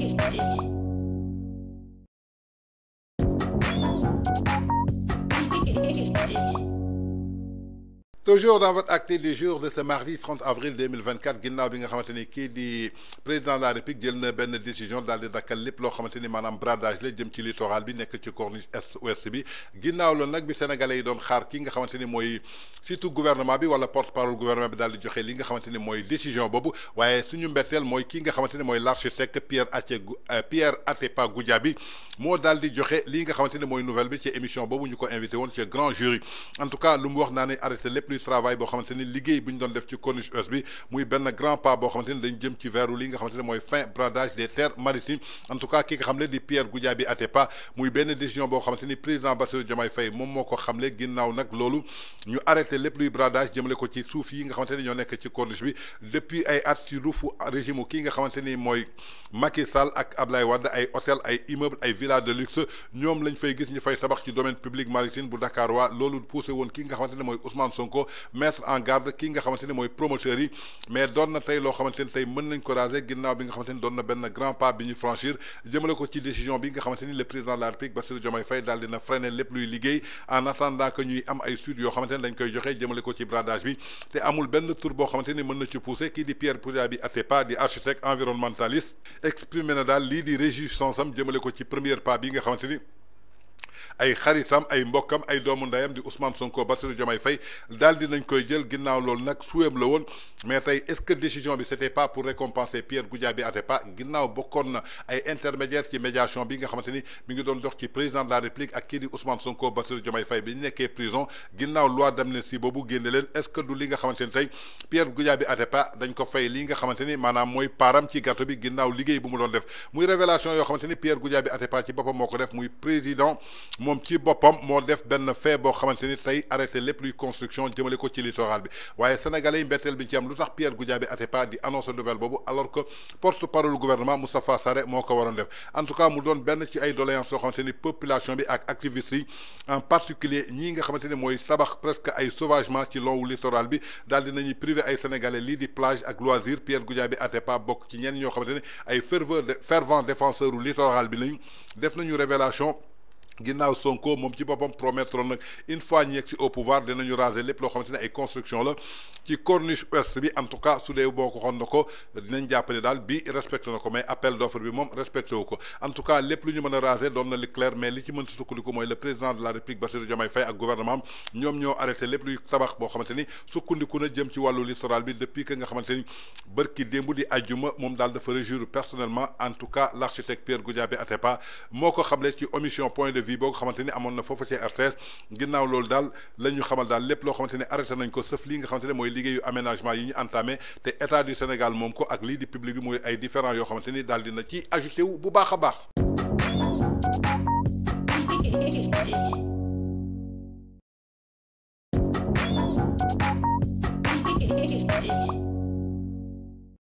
Thank you. toujours dans votre acte du jour de ce mardi 30 avril 2024 ginnaaw bi nga xamante ni di président de la république jël na benn décision daal di dakkal lépp loo xamante ni maanaam bradage la jëm ci littoral bi nekk ci corniche est ouest bi ginnaaw loolu nag bi sénégalais yi doon xaar ki nga xamante ni surtout gouvernement bi wala porte parole du gouvernement bi daal di joxe li nga xamante ni décision boobu waaye suñu mbetteel mooy ki nga xamante ni mooy Pierre Até euh, Pierre Atepa Goudiaby moo daal di joxe li nga xamante ni mooy nouvelle bi ci émission boobu ñu ko invité woon ci grand jury en tout cas lu mu wax naa ne arrêté luy travail bo xamanteni ni buñ doon def ci corniche ouest bi muy benn grand pas bo xamanteni dañ jëm ci veeru li nga xamanteni moy fin bradage des terres maritimes en tout cas ki nga xamle di Pierre até pas muy benn décision bo xamanteni président Bassirou Diomaye fay mom moko xamle ginnaw nak lolu ñu arrêté lepp luy bradage jëmale ko ci souf yi nga xamanteni ño nek ci corniche bi depuis ay at ci ruufu régime king a nga xamanteni ni Macky Sall ak Abdoulaye Wade ay hôtel ay immeuble ay villa de luxe ñom lañ fay gis ñu fay tabax ci domaine public maritime bu Dakar wa lolu poussé won ki nga xamanteni moy Ousmane Sonko ko mettre en garde ki nga xamanteni moy promoteur yi mais doon tay lo xamanteni tay meun nañ ko raser ginnaaw bi nga xamanteni ni ben grand pas bi ñu franchir jëmele ko ci décision bi nga xamanteni le président de la République Bassirou Diomaye Faye dal dina freiner lepp luy liggéey en attendant que ñuy am ay suite yo xamanteni ni dañ koy joxe jëmele ko ci bradage bi té amul ben tour bo xamanteni meun na ci pousser ki di Pierre até pas di architecte environnementaliste exprimé na dal li di réjouissance am jëmele ko ci première pas bi nga xamanteni ay xaritam ay mbokam ay doomu ndayam di Ousmane Sonko Bassirou Diomay Fay daal di nañ koy jël ginnaw loolu nak suwem la won mais tay est-ce que décision bi c'était pas pour récompenser Pierre Goudiaby Atepa ginnaaw bokkoon na ay intermédiaire ci médiation bi nga xamanteni mi ngi doon dox ci président de la République ak kii Ousmane Sonko Bassirou Diomay Fay bi ñu nekkee prison ginnaw loi d'amnistie bobu génne leen est-ce que du li nga xamanteni tay tey Pierre Goudiaby Atepa dañ ko fay li nga xamanteni manam moy param ci gâteau bi ginnaw liggéey bu mu doon def muy révélation yo xamanteni ni Pierre Goudiaby Atepa ci bopam moko def muy président mom ci bopam mo def ben fee bo xamanteni tay arrêter arrêté plus luy construction jëmale ko ci littoral bi sénégalais mbettel bi ci am lutax pierre Pierre até pas di annoncer nouvelle bobu alors que porte-parole gouvernement Moustapha Sarré moko waron def en tout cas mu doon ben ci ay doléances soo xamante population bi ak activistes en particulier ñi nga xamanteni moy tabax presque ay sauvagement ci ou littoral bi daal dinañuy privé ay sénégalais l'idée di plage ak loisir Pierre até pas bok ci ñen ñoo xamanteni ay ferveur fervent défenseur ou littoral bi lañ def nañu révélation ginnaw Sonko mom ci bopam promettre une fois n'y est au pouvoir dinañu raser lepp lo xamanteni ay construction la ci corniche ouest bi en tout cas su dee boo ko ko dinañ jàppale dal bi respecté nako mais appel d'offre bi monde respecté wu ko en tout cas les lu ñu mën raser doon na li clair mais li ci mën sukkandiku moy le président de la république Bassirou Diomaye Faye ak gouvernement ñom ñoo arrêté lepp luy tabax ce xamanteni ni na jëm ci walu littoral bi depuis que nga xamanteni ni bërki di aljuma mom dal da fa jure personnellement en tout cas l'architecte Pierre Goudiaby Atepa pas ko xamle ci omission point de vue vie boo ko xamante ni amoon na foofu ci RTS ginnaaw loolu daal la ñu xamal daal lépp loo xamante arrêté nañ ko sëf lii nga xamante ne mooy liggéeyu aménagement yi ñu entamé te état du Sénégal moom ko ak lii di public bi mooy ay différents yoo xamante ni dina ci ajouté wu bu baax baax. Thank you.